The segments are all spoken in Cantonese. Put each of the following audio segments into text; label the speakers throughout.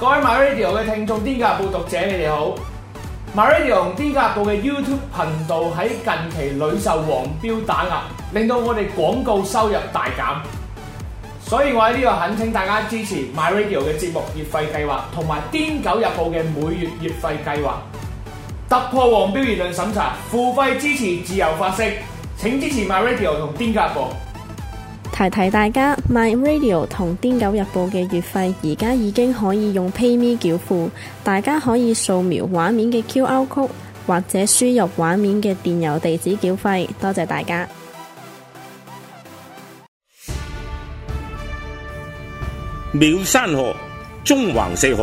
Speaker 1: 各位 My Radio 嘅聽眾，《癲狗日報》讀者，你哋好！My Radio 同《癲狗日報》嘅 YouTube 頻道喺近期屢受黃標打壓，令到我哋廣告收入大減。所以我喺呢度懇請大家支持 My Radio 嘅節目月費計劃，同埋《癲狗日報》嘅每月月費計劃，突破黃標言論審查，付費支持自由發聲，請支持 My Radio 同《癲狗日報》。
Speaker 2: 提提大家，My Radio 同《癲狗日報》嘅月費而家已經可以用 PayMe 繳付，大家可以掃描畫面嘅 QR Code，或者輸入畫面嘅電郵地址繳費。多謝大家！
Speaker 3: 妙山河，中
Speaker 1: 橫四海，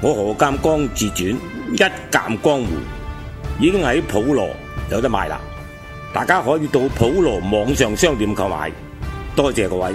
Speaker 1: 我何鑒江自傳一鑒江湖，已經喺普羅有得賣啦！大家可以到普羅網上商店購買。多謝各位。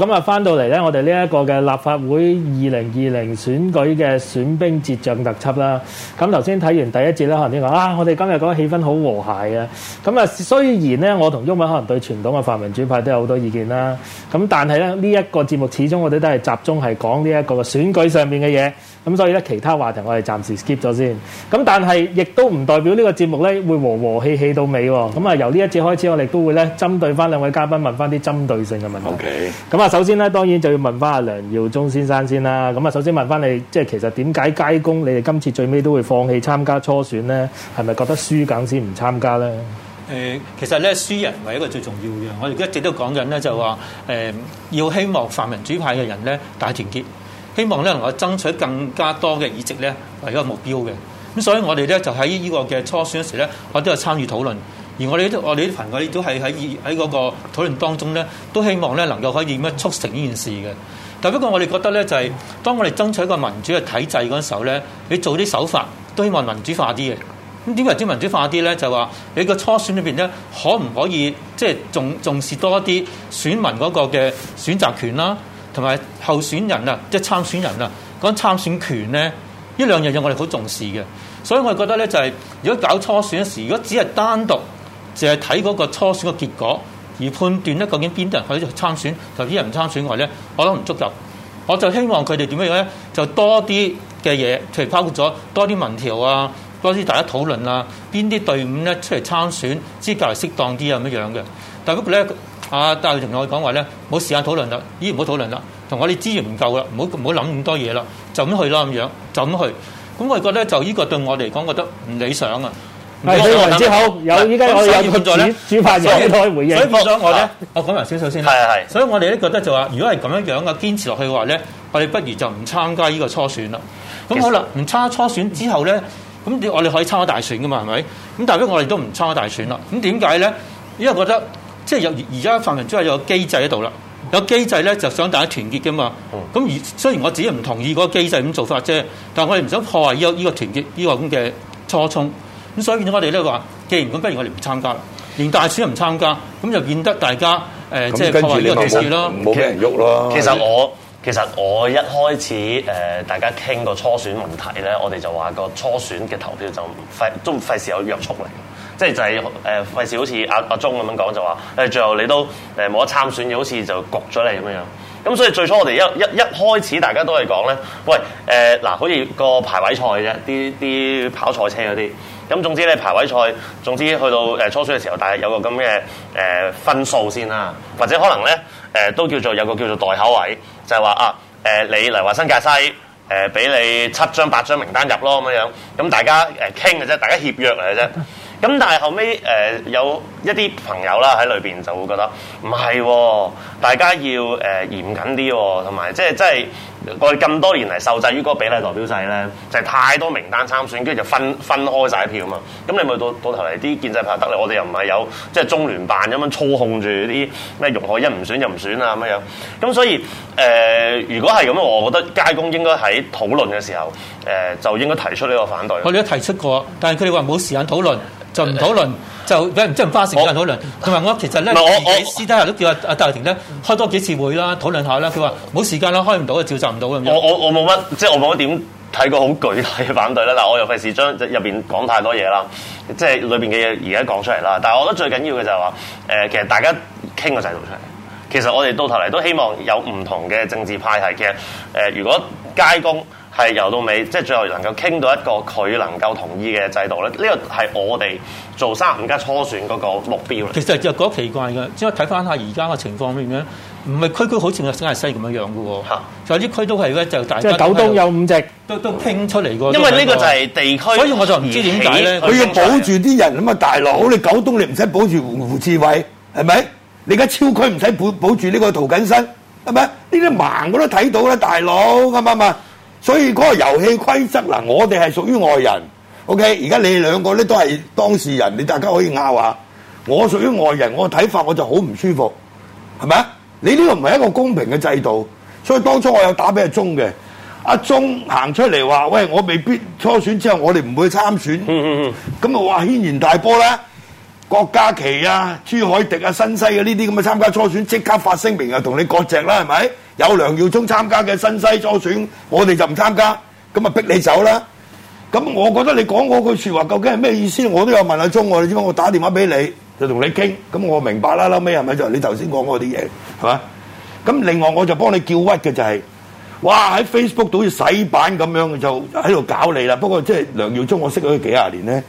Speaker 3: 咁啊，翻到嚟咧，我哋呢一個嘅立法會二零二零選舉嘅選兵捷將特輯啦。咁頭先睇完第一節咧，可能啲講啊，我哋今日嗰個氣氛好和諧啊。咁啊，雖然咧，我同毓民可能對傳統嘅泛民主派都有好多意見啦。咁但係咧，呢一個節目始終我哋都係集中係講呢一個嘅選舉上面嘅嘢。咁所以咧，其他話題我哋暫時 skip 咗先。咁但係亦都唔代表呢個節目咧會和和氣氣到尾喎。咁啊，由呢一節開始，我哋都會咧針對翻兩位嘉賓問翻啲針對性嘅問題。OK。咁啊，首先咧，當然就要問翻阿梁耀忠先生先啦。咁啊，首先問翻你，即係其實點解街工你哋今次最尾都會放棄參加初選咧？係咪覺得輸梗先唔參加咧？
Speaker 2: 誒，其實咧輸人係一個最重要嘅。我哋一直都講緊咧，就話誒要希望泛民主派嘅人咧大團結。希望咧能夠爭取更加多嘅議席咧，為一個目標嘅。咁所以我哋咧就喺呢個嘅初選時咧，我都有參與討論。而我哋啲我哋啲朋友亦都係喺喺嗰個討論當中咧，都希望咧能夠可以乜促成呢件事嘅。但不過我哋覺得咧就係、是，當我哋爭取一個民主嘅體制嗰陣時候咧，你做啲手法都希望民主化啲嘅。咁點為之民主化啲咧？就話你個初選裏邊咧，可唔可以即係、就是、重重視多啲選民嗰個嘅選擇權啦？同埋候選人啊，即係參選人啊，講參選權咧，呢兩樣嘢我哋好重視嘅，所以我哋覺得咧就係，如果搞初選嘅時，如果只係單獨淨係睇嗰個初選嘅結果而判斷咧，究竟邊啲人可以參選，頭啲人唔參選嘅話咧，我都唔足夠。我就希望佢哋點樣樣咧，就多啲嘅嘢，譬如包括咗多啲民調啊，多啲大家討論啊，邊啲隊伍咧出嚟參選資格嚟適當啲啊咁樣樣嘅。但不過咧。啊！但係同我哋講話咧，冇時間討論啦，依唔好討論啦。同我哋資源唔夠啦，唔好唔好諗咁多嘢啦，就咁去啦咁樣，就咁去。咁我哋覺得就依個對我哋講，覺得唔理想啊。唔係
Speaker 3: 你之好？有依家我哋有冇存在咧？主可以回應。所以我想我咧，
Speaker 2: 我講埋少少先啦。係係所以我哋咧覺得就話，如果係咁樣樣嘅堅持落去嘅話咧，我哋不如就唔參加呢個初選啦。咁好啦，唔參加初選之後咧，咁、嗯、我哋可以參加大選噶嘛？係咪？咁代表我哋都唔參加大選啦。咁點解咧？因為覺得。即係有而家泛民即係有個機制喺度啦，有機制咧就想大家團結㗎嘛。咁、嗯、而雖然我自己唔同意嗰個機制咁做法啫，但係我哋唔想破壞呢個依個團結呢、呢個咁嘅初衷。咁所以變咗我哋咧話，既然咁，不如我哋唔參加啦，連大選唔參加，咁就變得大家誒、
Speaker 4: 呃嗯、即係破壞呢個機會咯，冇咩人喐咯。其實我其實我，
Speaker 1: 其實我一開始誒、呃、大家傾個初選問題咧，我哋就話個初選嘅投票就費都費事有約束嚟。即係就係誒費事，好、呃、似阿阿鍾咁樣講，就話最後你都誒冇、呃、得參選，又好似就焗咗你咁樣樣。咁所以最初我哋一一一開始，大家都係講咧，喂誒嗱、呃呃，好似個排位賽啫，啲啲跑賽車嗰啲。咁總之咧排位賽，總之去到誒、呃、初選嘅時候，大約有個咁嘅誒分數先啦，或者可能咧誒、呃、都叫做有個叫做代口位，就係、是、話啊、呃、你嚟話新界西誒俾、呃、你七張八張名單入咯咁樣樣。咁大家誒傾嘅啫，大家協約嚟嘅啫。咁但係後尾誒、呃、有一啲朋友啦喺裏面就會覺得唔係、哦，大家要誒、呃、嚴謹啲、哦，同埋即係即係我哋咁多年嚟受制於嗰個比例代表制咧，就係太多名單參選，跟住就分分開晒票嘛。咁你咪到到頭嚟啲建制派得嚟，我哋又唔係有即係中聯辦咁樣操控住啲咩容海一唔選就唔選啊咁樣。咁所以誒、呃，如果係咁，我覺得街工應該喺討論嘅時候誒、呃，就應該提出呢個反對。我
Speaker 2: 哋都提出過，但係佢哋話冇時間討論。就唔討論，就即係唔花時間討論。同埋我其實咧，自
Speaker 1: 己私底下都叫阿
Speaker 2: 阿戴廷咧開多幾次會啦，討論下啦。佢話冇時間啦，開唔到，召集唔到咁樣。我我我冇乜，即
Speaker 1: 係、就是、我冇乜點睇過好具體嘅反對啦。我又費事將入面講太多嘢啦，即係裏面嘅嘢而家講出嚟啦。但係我覺得最緊要嘅就係話，其實大家傾個制度出嚟。其實我哋到頭嚟都希望有唔同嘅政治派系，嘅、其實、呃。如果街工。係由到尾，即係最後能夠傾到一個佢能夠同意嘅制度咧。呢個係我哋做三五家初選嗰個目標啦。其實
Speaker 2: 就覺得奇怪嘅，只可以睇翻下而家嘅情況點樣，唔係區區好似個西西咁樣樣喎。就係啲區都係咧，就大即係九東
Speaker 4: 有五隻，都都傾出嚟過。因為呢個就係
Speaker 1: 地區，所以我就唔知點解咧。佢要保
Speaker 4: 住啲人咁啊，大佬你九東你唔使保住胡胡志偉係咪？你而家超區唔使保保住呢個涂謹申，係咪？呢啲盲我都睇到啦，大佬咁啊所以嗰個遊戲規則，嗱，我哋係屬於外人，OK？而家你兩個咧都係當事人，你大家可以拗下。我屬於外人，我睇法我就好唔舒服，係咪啊？你呢個唔係一個公平嘅制度，所以當初我有打俾阿鍾嘅，阿鍾行出嚟話喂，我未必初選之後我哋唔會參選，嗯嗯嗯，咁啊話軒然大波咧。郭家麒啊、朱凱廸啊、新西啊呢啲咁嘅參加初選，即刻發聲明啊，同你割席啦，係咪？有梁耀忠參加嘅新西初選，我哋就唔參加，咁啊逼你走啦。咁我覺得你講嗰句説話究竟係咩意思？我都有問阿忠，我你知唔知？我打電話俾你，就同你傾。咁我明白啦。後尾係咪就你頭先講嗰啲嘢係嘛？咁另外我就幫你叫屈嘅就係，哇喺 Facebook 度好似洗版咁樣，就喺度搞你啦。不過即係梁耀忠，我識佢幾廿年咧，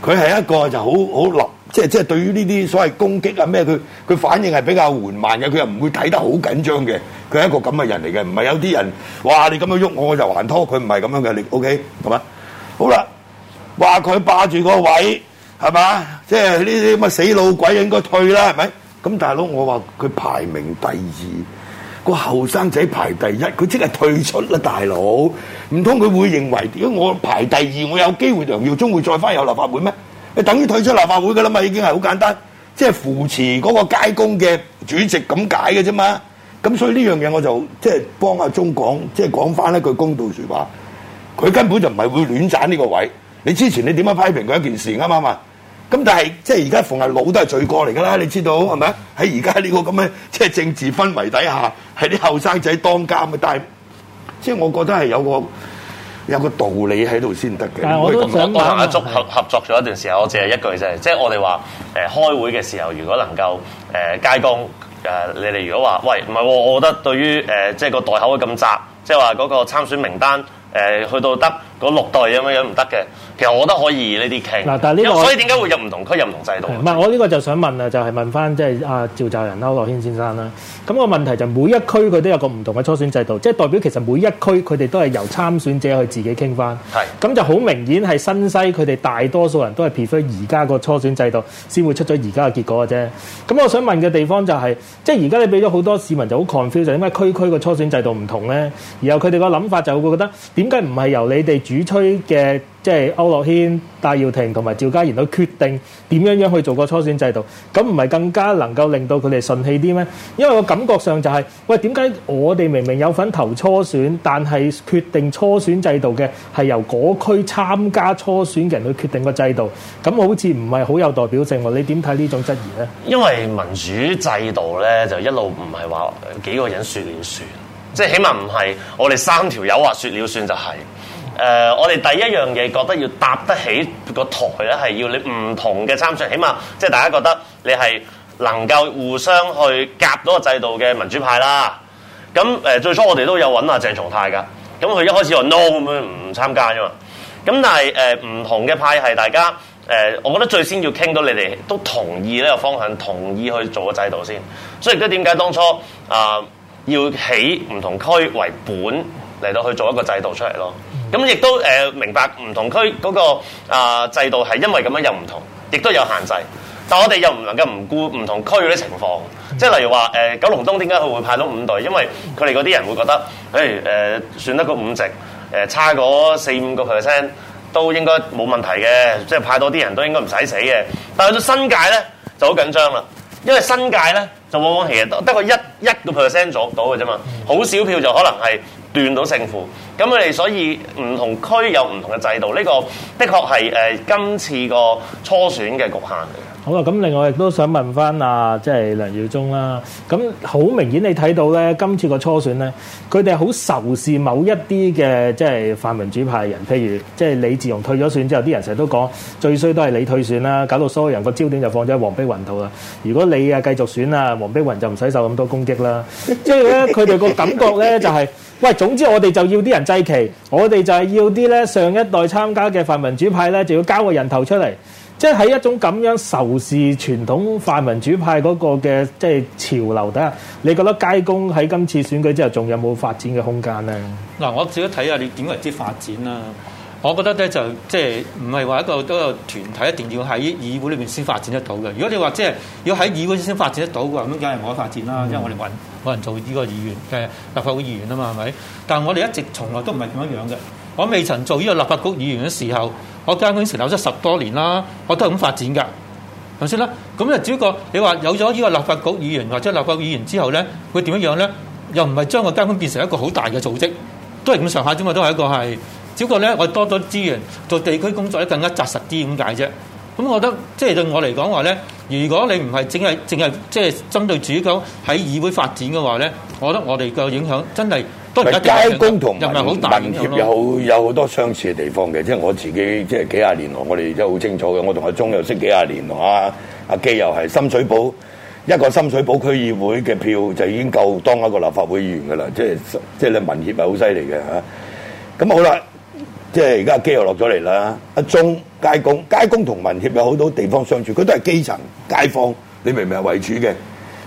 Speaker 4: 佢係一個就好好立。即係即係對於呢啲所謂攻擊啊咩，佢佢反應係比較緩慢嘅，佢又唔會睇得好緊張嘅。佢係一個咁嘅人嚟嘅，唔係有啲人哇你咁樣喐我我就還拖，佢唔係咁樣嘅，你 OK 係嘛？好啦，話佢霸住個位係嘛？即係呢啲咁嘅死老鬼應該退啦，係咪？咁大佬我話佢排名第二，個後生仔排第一，佢即係退出啦，大佬。唔通佢會認為點解我排第二，我有機會梁耀忠會再翻入立法會咩？你等於退出立法會㗎啦嘛，已經係好簡單，即係扶持嗰個街工嘅主席咁解嘅啫嘛。咁所以呢樣嘢我就即係幫阿忠講，即係講翻一句公道説話，佢根本就唔係會戀棧呢個位。你之前你點樣批評佢一件事啱唔啱啊？咁但係即係而家逢係老都係罪過嚟噶啦，你知道係咪？喺而家呢個咁嘅即係政治氛圍底下，係啲後生仔當家咪，但係即係我覺得係有個有個道理喺度先得嘅。我同阿祝
Speaker 1: 合合作咗一段時候，我只係一句啫。即係我哋話、呃、開會嘅時候，如果能夠誒溝通誒，你哋如果話：喂，唔係、哦，我覺得對於誒即係個袋口會咁窄，即係話嗰個參選名單誒、呃、去到得。嗰六代咁樣樣唔得嘅，其實我都可以呢啲傾。嗱，但係呢個，所以點解會有唔同區入唔同
Speaker 3: 制度？唔係，我呢個就想問啊，就係、是、問翻即係阿趙澤仁區諾軒先生啦。咁個問題就每一區佢都有個唔同嘅初選制度，即、就、係、是、代表其實每一區佢哋都係由參選者去自己傾翻。係咁就好明顯係新西佢哋大多數人都係 prefer 而家個初選制度，先會出咗而家嘅結果嘅啫。咁我想問嘅地方就係、是，即係而家你俾咗好多市民就好 confused，就點解區區個初選制度唔同咧？然後佢哋個諗法就會覺得點解唔係由你哋？主催嘅即係區諾軒、戴耀廷同埋趙家賢都決定點樣樣去做個初選制度，咁唔係更加能夠令到佢哋順氣啲咩？因為我感覺上就係、是、喂，點解我哋明明有份投初選，但係決定初選制度嘅係由嗰區參加初選嘅人去決定個制度，咁好似唔係好有代表性喎？你點睇呢種質疑咧？
Speaker 1: 因為民主制度咧就一路唔係話幾個人,個人說了算、就是，即係起碼唔係我哋三條友話說了算就係。誒、呃，我哋第一樣嘢覺得要搭得起個台咧，係要你唔同嘅參選，起碼即係大家覺得你係能夠互相去夾到個制度嘅民主派啦。咁誒、呃，最初我哋都有揾阿鄭松泰㗎，咁佢一開始話 no，咁樣唔參加㗎嘛。咁但係誒，唔、呃、同嘅派係大家誒、呃，我覺得最先要傾到你哋都同意呢個方向，同意去做個制度先。所以而家點解當初啊、呃，要起唔同區為本嚟到去做一個制度出嚟咯？咁亦都明白唔同區嗰個啊制度係因為咁樣又唔同，亦都有限制。但我哋又唔能夠唔顧唔同區嗰啲情況。即係例如話九龍東點解佢會派到五隊？因為佢哋嗰啲人會覺得，誒、哎、誒，算得個五席，差嗰四五個 percent 都應該冇問題嘅，即係派多啲人都應該唔使死嘅。但係到新界咧就好緊張啦，因為新界咧就往往其實得個一一個 percent 左右嘅啫嘛，好少票就可能係斷到勝負，咁佢哋所以唔同區有唔同嘅制度，呢、這個的確係誒、呃、今次個初選嘅局限嚟
Speaker 3: 嘅。好啦，咁另外亦都想問翻啊，即、就、係、是、梁耀忠啦、啊。咁好明顯你睇到咧，今次個初選咧，佢哋好仇視某一啲嘅即係泛民主派人，譬如即係李志雄退咗選之後，啲人成日都講最衰都係你退選啦，搞到所有人個焦點就放咗喺黃碧雲度啦。如果你啊繼續選啊，黃碧雲就唔使受咁多攻擊啦。即係咧，佢哋個感覺咧就係、是。喂，總之我哋就要啲人祭旗，我哋就係要啲咧上一代參加嘅泛民主派咧，就要交個人頭出嚟，即係喺一種咁樣仇視傳統泛民主派嗰個嘅即係潮流底下，你覺得街工喺今次選舉之後仲有冇發展嘅空間咧？
Speaker 2: 嗱，我自己睇下你點為之發展啦、啊。我覺得咧就即係唔係話一個都個團體一定要喺議會裏邊先發展得到嘅。如果你話即係要喺議會先發展得到嘅話，咁梗係我發展啦、嗯，因為我哋揾揾人做呢個議員嘅立法會議員啊嘛，係咪？但係我哋一直從來都唔係咁樣樣嘅。我未曾做呢個立法局議員嘅時候，我街工成立咗十多年啦，我都係咁發展㗎，係先啦？咁咧只不過你話有咗呢個立法局議員或者立法會議員之後咧，會點樣樣咧？又唔係將個街工變成一個好大嘅組織，都係咁上下啫嘛，都係一個係。只不過咧，我多咗資源做地區工作咧，更加紮實啲咁解啫。咁我覺得，即係對我嚟講話咧，如果你唔係淨係淨係即係針對主要喺議會發展嘅話咧，我覺得我哋嘅影響真係都唔係好大咁咯。又係好
Speaker 4: 有好多相似嘅地方嘅，即係我自己即係幾廿年來，我哋都好清楚嘅。我同阿鍾又識幾廿年啊，阿基又係深水埗，一個深水埗區議會嘅票就已經夠當一個立法會議員噶啦，即係即係你民協係好犀利嘅嚇。咁好啦。即係而家機又落咗嚟啦，阿中街工、街工同民協有好多地方相處，佢都係基層街坊，你明唔明係為主嘅？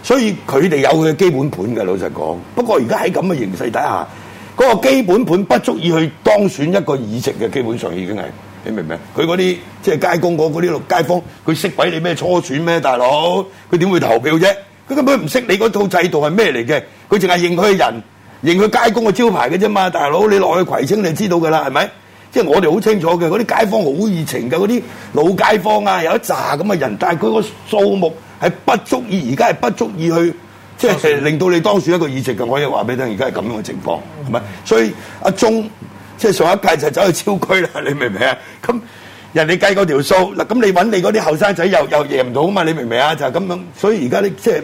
Speaker 4: 所以佢哋有佢嘅基本盤嘅。老實講，不過而家喺咁嘅形勢底下，嗰個基本盤不足以去當選一個議席嘅，基本上已經係你明唔明？佢嗰啲即係街工嗰嗰啲老街坊，佢識鬼你咩初選咩，大佬佢點會投票啫？佢根本唔識你嗰套制度係咩嚟嘅，佢淨係認佢嘅人，認佢街工嘅招牌嘅啫嘛，大佬你落去葵青你就知道㗎啦，係咪？即係我哋好清楚嘅，嗰啲街坊好熱情嘅，嗰啲老街坊啊，有一紮咁嘅人，但係佢個數目係不足以而家係不足以去，即係令到你當選一個議席嘅。我亦話俾你聽，而家係咁樣嘅情況，係咪？所以阿鐘，即係上一屆就走去超區啦，你明唔明啊？咁人哋計嗰條數嗱，咁你揾你嗰啲後生仔又又贏唔到啊嘛？你明唔明啊？就係咁樣，所以而家你。即係。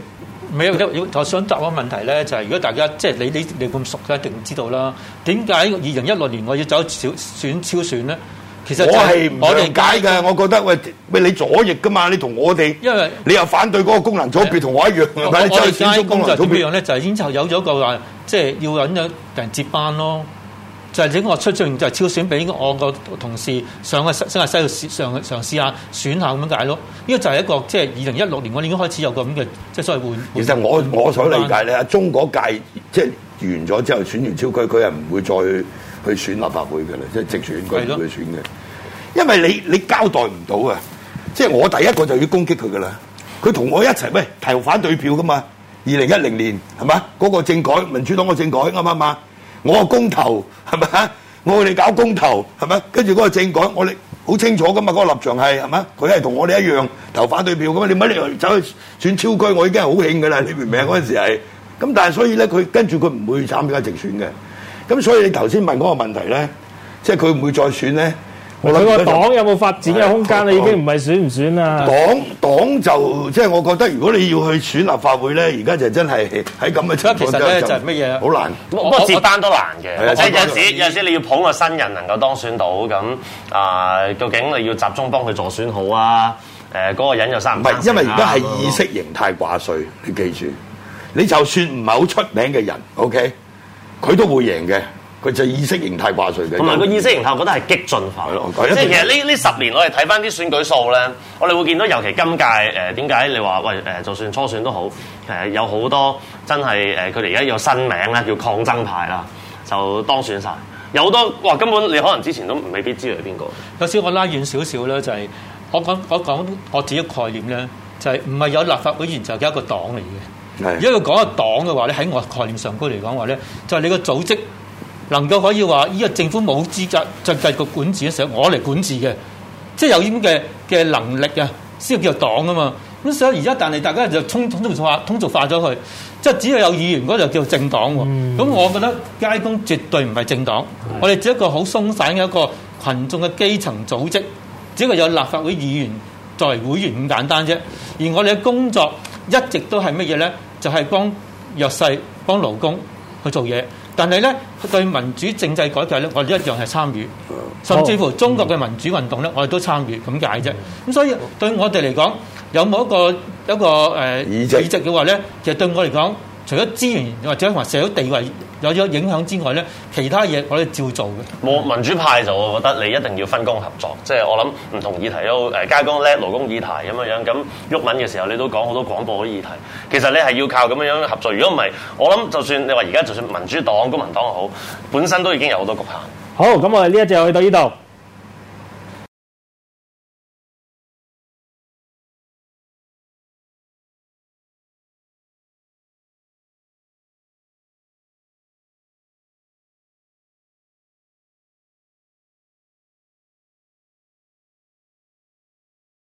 Speaker 2: 唔係，因為要我想答個問題咧，就係如果大家即係你你你咁熟，一定知道啦。點解二零一六年
Speaker 4: 我要走小選超選咧？其實我係唔理解嘅。我覺得喂，咩你左翼噶嘛？你同我哋，你又反對嗰個功能組別，同我一樣。唔係，就係建築功能組別
Speaker 2: 一樣咧，就係已經有咗個話，即係要揾咗人接班咯。就係整個出選就係、是、超選俾我個同事上去新新界西度試上上，上試下選一下咁樣解咯。呢個就係一個即係二零一六年我哋已經開始有個咁嘅即係所謂換，
Speaker 4: 換。其實我我所理解你，阿忠嗰屆即係完咗之後選完超區，佢係唔會再去去選立法會嘅啦，即係直選佢會選嘅。因為你你交代唔到啊，即係我第一個就要攻擊佢噶啦，佢同我一齊喂投反對票噶嘛？二零一零年係嘛？嗰、那個政改，民主黨嘅政改啱唔啱？我的公投係嘛？我哋搞公投係咪？跟住嗰個政改，我哋好清楚噶嘛？嗰、那個立場係係嘛？佢係同我哋一樣投反對票咁嘛。你乜你走去選超區，我已經係好興噶啦！你明唔明啊？嗰、那、陣、個、時係咁，但係所以咧，佢跟住佢唔會參加直選嘅。咁所以你頭先問嗰個問題咧，即係佢唔會再選咧。佢個黨有冇發展嘅空間，你已經唔係選唔選啦。黨黨就即係、就是、我覺得如果你要去選立法會咧，而家就真係喺咁嘅啫。其實咧就係乜嘢？好難，不過接單都難嘅。即有陣時，有
Speaker 1: 陣時你要捧個新人能夠當選到咁啊、呃？究竟你要集中幫佢助選好啊？誒、呃，嗰、那個人又生唔唔係？因為而家係意
Speaker 4: 識形態掛帥，你記住，你就算唔係好出名嘅人，OK，佢都會贏嘅。佢就係係意識形態掛罪嘅，同埋個意識形態我覺得係激進化，即係、就係、其實呢
Speaker 1: 呢十年我哋睇返啲選舉數咧，我哋會見到尤其今屆誒，點解你話喂、呃、就算初選都好、呃、有好多真係佢哋而家有新名咧，叫抗爭派啦，就當選曬，有好多哇根本你可能之前都未必知道係邊個。有少我拉遠少少咧，就
Speaker 2: 係、係、我，我講我講我自己的概念咧，就係唔係有立法會議員就係、係、一個黨嚟嘅。如
Speaker 1: 果要講
Speaker 2: 個黨嘅話咧，喺我概念上高嚟講話咧，就係、係、你個組織。能夠可以話依個政府冇資格就繼續管治嘅時候，我嚟管治嘅，即係有咁嘅嘅能力啊，先叫黨啊嘛。咁所以而家但係大家就通俗化、通俗化咗佢，即係只要有議員嗰度就叫政黨喎。咁、嗯、我覺得街工絕對唔係政黨，我哋只係一個好鬆散嘅一個群眾嘅基層組織，只係有立法會議員作為會員咁簡單啫。而我哋嘅工作一直都係乜嘢咧？就係、是、幫弱勢、幫勞工去做嘢。但係咧，對民主政制改革咧，我哋一樣係參與，甚至乎中國嘅民主運動咧，哦嗯、我哋都參與。咁解啫。咁所以對我哋嚟講，有冇一個一個誒、呃、議席嘅話咧，其實對我嚟講，除咗資源或者話社會地位。有咗影響之外咧，其他嘢我哋照做嘅。
Speaker 1: 冇民主派就，我覺得你一定要分工合作。即係我諗唔同議題都誒，街工叻，勞工議題咁樣樣。咁毓民嘅時候，你都講好多廣播嘅議題。其實你係要靠咁樣樣合作。如果唔係，我諗就算你話而家，就算民主黨、公民黨好，本身都已經有好多局限。
Speaker 3: 好，咁我哋呢一節去到呢度。